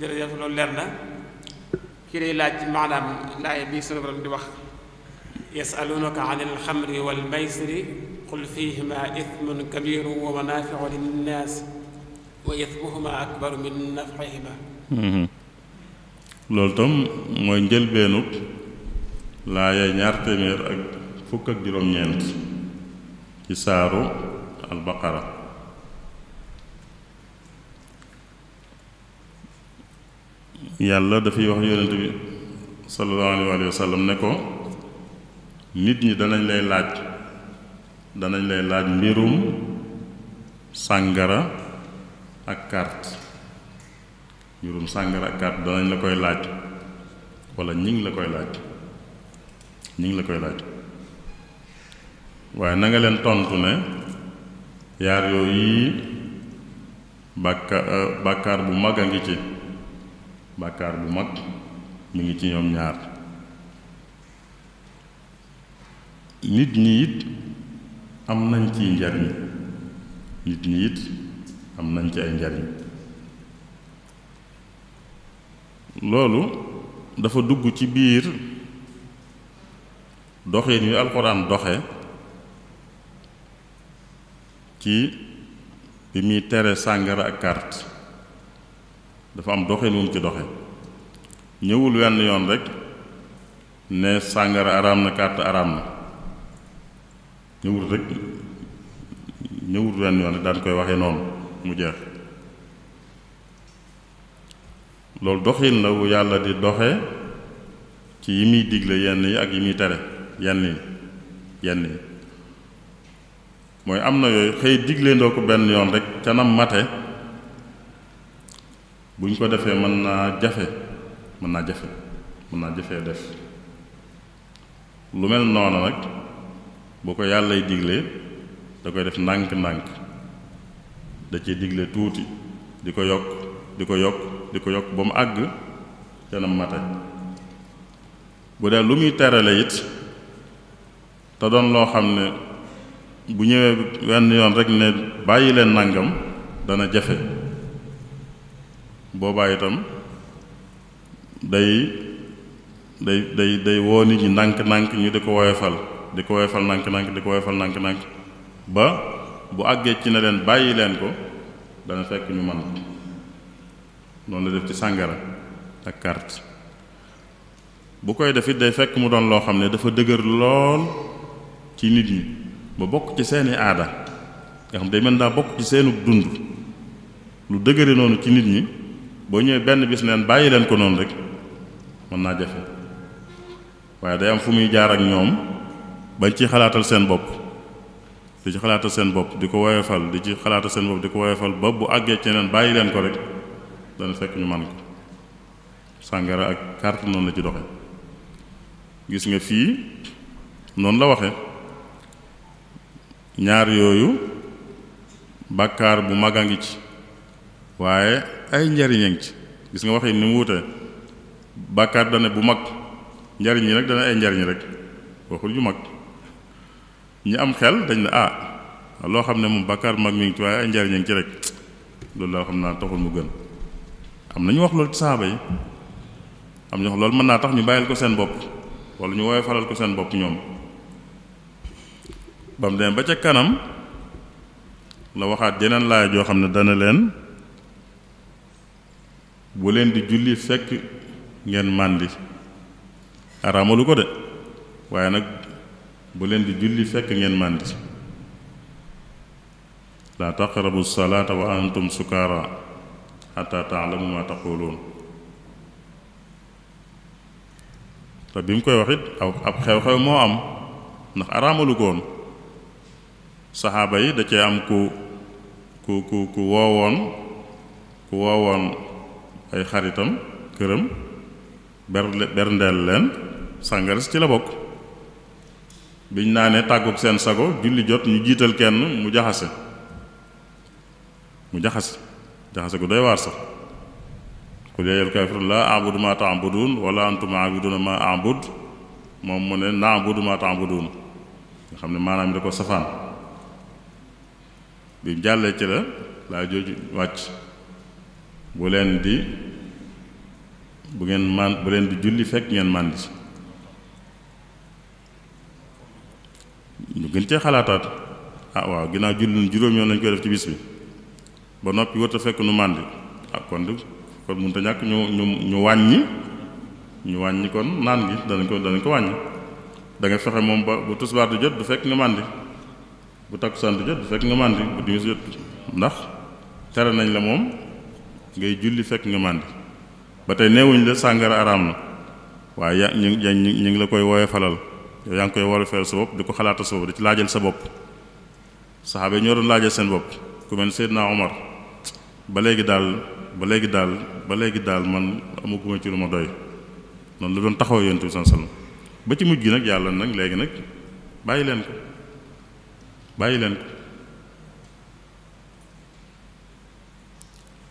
jërëjëf loolu leer na kii day laaj ci maanaam laay bii sunu borom di wax yasalunaka an alxamri wal maysiri qul fihima ithmun kabiru wa manafiu linnaas wa ithmuhuma akbaru min nafihima loolu tam mooy njëlbeenub laaya ñaar téeméer ak fukk ak juróom-ñeent ci saaru albaqara yàlla dafay wax yonent bi sallallahu alayhi wa sallam ne ko nit ñi danañ lay laaj danañ lay laaj mbirum sàngara ak kart mbirum sàngara ak carte danañ la koy laaj wala ñi ngi la koy laaj ñi ngi la koy laaj waaye na leen tontu ne yaar yooyu bàkka bàkkaar bu mag a ngi ci bàkkaar bu mag mi ngi ci ñoom ñaar nit ñi it am nañ ciy njariñ nit ñi it am nañ ci ay njariñ loolu dafa dugg ci biir doxin yu alxuraan doxe ci bi muy tere sàngara ak kart dafa am doxin wu ci doxe ñëwul wenn yoon rek ne sàngara araam na carte araam na ñëwul rek ñëwul wenn yoon rek daan koy waxe noonu mu jeex loolu doxin la wu yàlla di doxe ci yi muy digle yenn yi ak yi muy tere yenn yi yenn yi mooy am na yooyu xëy digle ndoo ko benn yoon rek ca nam mate bu ñu ko defee mën naa jafe mën naa jafe mën naa jafee def lu mel noonu nag bu ko yàllay diglee da koy def ndànk-ndànk da ciy digle tuuti di ko yokk di ko yokk di ko yokk ba mu àgg canam mate bu dee lu muy terale it te doon loo xam ne bu ñëwee wenn yoon rek ne bàyyi leen nangam dana jafe boobaa itam day day day day woo nit ñi ndànk-ndànk ñu di ko woyofal di ko woyofal ndànk-ndànk di ko woyofal ndànk-ndànk ba bu àggee ci ne leen bàyyi leen ko dana fekk ñu man ko noonu la def ci sàngara ak carte bu koy def it day fekk mu doon loo xam ne dafa dëgër lool ci nit ñi ba bokk ci seeni aada nga xam day mel daa bokk ci seenu dund lu dëgëre noonu ci nit ñi boo ñëwee benn bis neen bàyyi leen ko noonu rek mën naa jafe waaye day am fu muy jaar ak ñoom bañ ci xalaatal seen bopp di ci xalaatal seen bopp di ko woyofal di ci xalaatal seen bopp di ko woyofal ba bu àggee ci neen bàyyi leen ko rek dana fekk ñu man ko sàngara ak carte noonu la ci doxe gis nga fii noonu la waxe ñaar yooyu bàkkaar bu mag a ngi ci waaye ay njariñ ci gis nga waxin ni mu wute bàkkaar dana bu mag njariñ yi nag dana ay njariñ rek waxul yu mag ñi am xel dañ ne ah loo xam ne moom bàkkaar mag mi ngi ci waaye ay njariñ ci rek loolu daal xam naa taxul mu gën am na ñu wax loolu ci saaba yi am ñu wax loolu mën naa tax ñu bàyyil ko seen bopp wala ñu woowee faral ko seen bopp ñoom ba mu ba ca kanam la waxaat jeneen laay joo xam ne dana leen bu leen di julli fekk ngeen màndi araamalu ko de waaye nag bu leen di julli fekk ngeen màndi laa taqrabu salaata wa antum sukaara xataa taalamu ma taquluun te bi mu koy wax it aw ab xew-xew moo am ndax araamalu ko saxaaba yi da cee am ku ku ku ku woowoon ku woowoon ay xaritam këram bernde berndeel leen sàngara si ci la bokk biñ naa ne tàgguk seen sago julli jot ñu jiital kenn mu jaxase mu jaxase jaxase gu doy waar sax qul yaa ayyuhal kaafiruun laa a'budu maa ta'buduun wala antum a'buduuna maa a'bud moom mu ne na'budu maa ta'buduun nga xam ne maanaam da ko safaan bi jàllee ci la laa jooju wàcc bu leen di bu ngeen man bu leen di julli fekk ngeen màndi ci gën cee xalaataat ah waaw ginnaaw julli juróom yoon lañ koy def ci bis bi ba noppi wërta fekk nu màndi ah kon de kon mënut a ñàkk ñu ñu wàññi ñu wàññi kon naan gi danañ ko danañ ko wàññi da nga fexe moom ba bu tusbaar du jot du fekk nga màndi bu takkusaan du jot du fekk nga màndi bu timis jot ndax tere nañ la moom ngay julli fekk nga màndi ba tey neewuñ la sàngara araam na waaye ya ñu ñu ñu ngi la koy wooye falal yow yaa ngi koy war sa bopp di ko xalaata sa bopp di ci laajal sa bopp saxaaba yi ñoo doon laajal seen bopp ku mel naa Omar ba léegi daal ba léegi daal ba léegi daal man amaguma ci lu ma doy noonu lu doon taxaw yonent bi sallallahu alayhi ba ci mujj gi nag yàlla nag léegi nag bàyyi leen ko bàyyi leen ko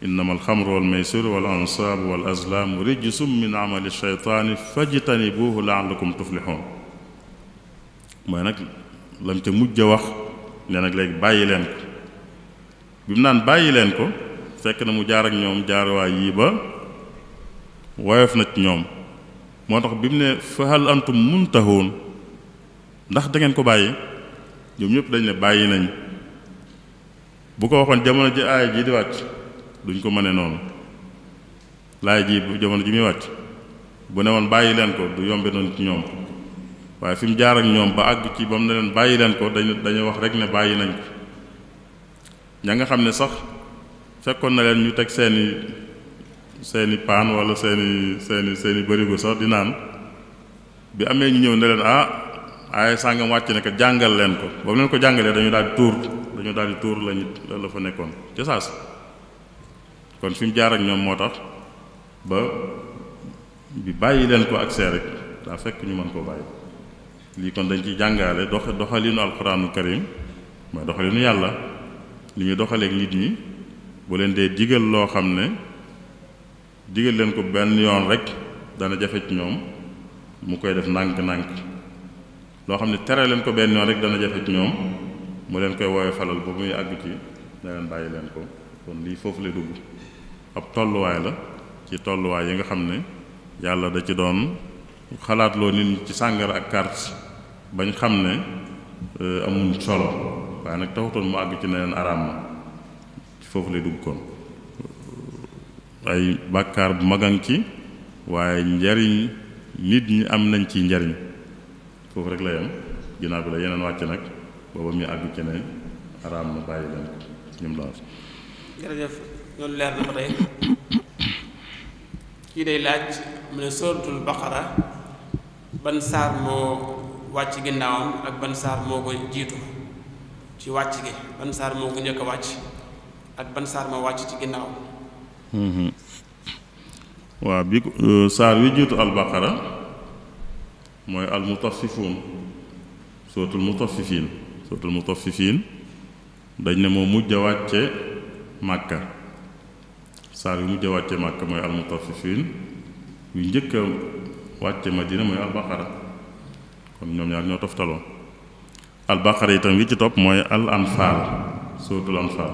إنما الخمر والميسر والأنصاب والأزلام رجس من عمل الشيطان فاجتنبوه لعلكم تفلحون ما نك لم تمج وخ لأنك لك باي لنك بمنان باي لنك فكنا مجارك نيوم جاروا ييبا ويفنت نيوم ما نك بمنا فهل أنتم منتهون ndax da ngeen ko bàyyi ñoom ñëpp dañ ne bàyyi nañ bu ko waxoon duñ ko mëne noonu laay ji jamono ji muy wàcc bu ne woon bàyyi leen ko du yombe noonu ci ñoom waaye fi mu jaar ak ñoom ba àgg ci ba mu ne leen bàyyi leen ko dañ dañu wax rek ne bàyyi nañ ko ña nga xam ne sax fekkoon na leen ñu teg seeni seeni paan wala seeni seeni seeni bërigo sax di naan bi amee ñu ñëw ne leen ah ay sàngam wàcc ne jàngal leen ko ba mu ko jàngalee dañu daal tuur dañu daal di tuur lañu la fa nekkoon ca saas kon fi jaar ak ñoom moo tax ba bi bàyyi leen ko ak rek daa fekk ñu mën koo bàyyi lii kon dañ ci jàngaale dox doxalinu alxuraanu karim mooy doxalinu yàlla li ñu doxaleek nit ñi bu leen dee digal loo xam ne digal leen ko benn yoon rek dana jafe ci ñoom mu koy def ndànk-ndànk loo xam ne tere leen ko benn yoon rek dana jafe ci ñoom mu leen koy woowee falal ba muy àgg ci ne leen bàyyi leen ko kon lii foofu la dugg ab tolluwaay la ci tolluwaay yi nga xam ne yàlla da ci doon xalaatloo nit ñi ci sàngara ak carte bañ xam ne euh, amul solo waaye nag taxutoon mu àgg ci neneen araam na la dugg kon ay bàkkaar bu magan ci waaye njariñ nit ñi am nañ ci njariñ foofu rek la yam ginnaaw ne araam na bàyyi leen ko ñoom jërëjëf loolu kii day laaj mu ne sóoratul baqara ban saar moo wàcc ginnaawam ak ban saar moo ko jiitu ci wàcc gi ban saar moo ko njëkk wàcc ak ban saar moo wàcc ci ginnaawam mhm. waa bi euh, saar wi jiitu albaqara mooy almutaffifun sóoratul mutaffifiin sóoratul mutaffifiin dañ ne moo mujj a wàcce màkka saar yu mujj a wàcce màkka mooy almutafifiin yu njëkk a wàcce madina mooy albaqara kon ñoom ñaar ñoo toftaloo albaqara itam wi ci topp mooy al anfaal suuratul anfaal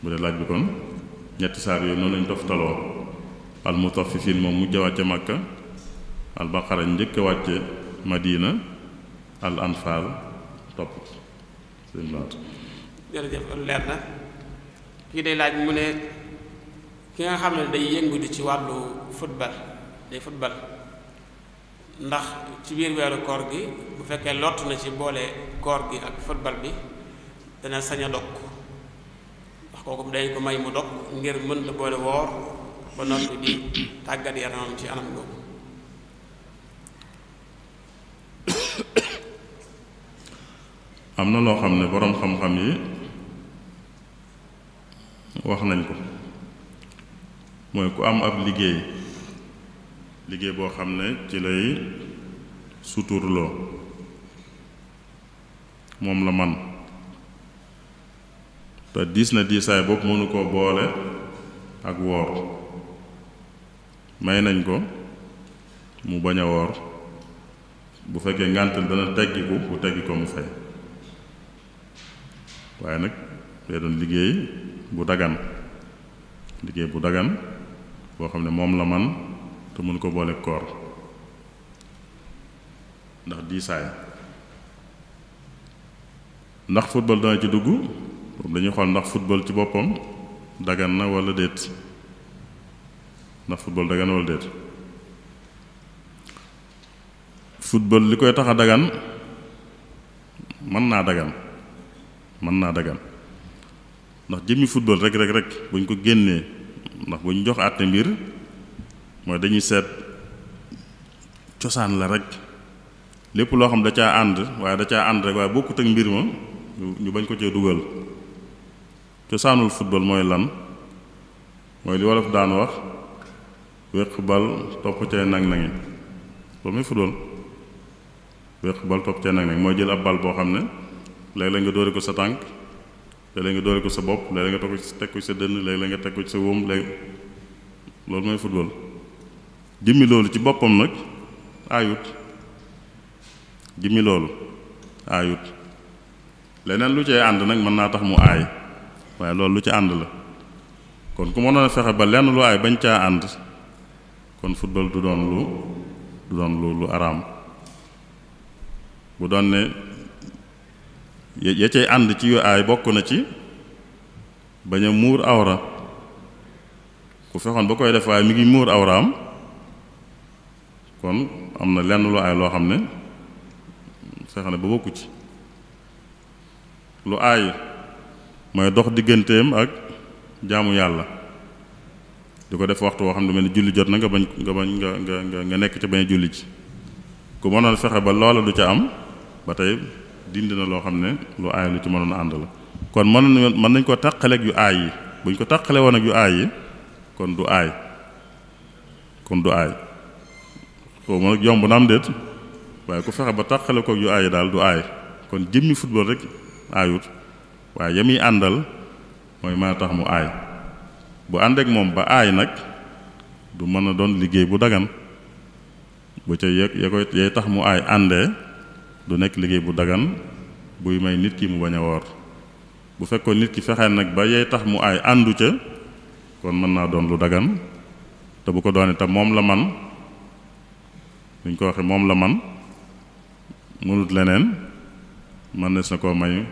bu dee laaj bi kon ñetti saar yooyu noonu lañ toftaloo almutafifiin moom mujj a wàcce màkka albaqara njëkk a wàcce madina al anfaal topp kii de laaj mu ne ki nga xam ne day yëngu ci wàllu football day football ndax ci biir weeru koor gi bu fekkee lott na ci boole koor gi ak football bi dana sañ a dog ndax kooku dañ ko may mu dog ngir mën la boole woor ba noppi di tàggat yaramam ci anam googu am na loo xam ne boroom xam-xam yi wax nañ ko mooy ku am ab liggéey liggéey boo xam ne ci lay suturloo moom la man te diis na diisaay bopp mënu koo boole ak woor may nañ ko mu bañ a woor bu fekkee ngàntal dana teggiku bu teggi ko mu fay waaye nag day doon liggéey bu dagan liggéey bu dagan boo xam ne moom la man te mën ko boole koor ndax diisaay ndax football dana ci dugg boobu dañuy xool ndax football ci boppam dagan na wala déet ndax football dagan wala déet football li koy tax a dagan man naa dagan man naa dagan ndax jëmmi football rek rek rek buñ ko génnee ndax bu ñu jox àtte mbir mooy dañuy seet cosaan la rek lépp loo xam da caa ànd waaye da caa ànd rek waaye bokkut ak mbir ma ñu bañ ko cee dugal cosaanul football mooy lan mooy li wolof daan wax wéq bal topp cee nag nangi loolu mooy football wéq nag nangi mooy jël ab bal boo xam ne léeg-léeg nga dóore ko sa tànk léegi léeg nga doore ko sa bopp léeg nga teg ko ci sa dënn léeg-léeg nga teg ko ci sa wóom léeg loolu mooy football jëmmi loolu ci boppam nag aayut jëmmi loolu aayut leneen lu cay ànd nag mën naa tax mu aay waaye loolu lu ci ànd la kon ku mënoon a fexe ba lenn lu aay bañ caa ànd kon football du doon lu du doon lu lu araam bu doon ne ya cay ànd ci yu aay bokk na ci bañ muur awra ku fexoon ba koy def waaye mi ngi muur am kon am na lenn lu aay loo xam ne fexe na ba bokku ci lu aay mooy dox digganteem ak jaamu yàlla di ko def waxtu woo xam ne mel ni julli jot na nga bañ nga bañ nga nekk ca bañ julli ci ku mënoon fexe ba loola du ca am ba tey dindi na loo xam ne lu aay lu ci mënoon a ànd la kon mën nañ mën nañ ko tàqaleeg yu aay yi buñ ko tàqale woon ak yu aay yi kon du aay kon du aay xaw ma nag waaye ku fexe ba tàqale koog yu daal du aay kon jëmmi football rek aayut waaye ya àndal mooy mën a tax mu aay bu ànd moom ba aay nag du mën a doon liggéey bu dagan bu ca ya ya koy tax mu aay àndee du nekk liggéey bu dagan buy may nit ki mu bañ a woor bu fekkoon nit ki fexee nag ba yey tax mu ay àndu ca kon mën naa doon lu dagan te bu ko doonee te moom la man duñ ko waxe moom la man mënut leneen man nees na koo may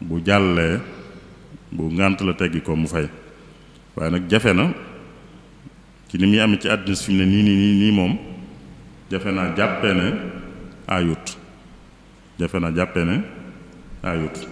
bu jàllee bu ngànt la teggi ko mu fay waaye nag jafe na ci ni muy amee ci àddina ne nii nii nii moom jafe naa jàppee ne aayut jafe na jàppe ne ayut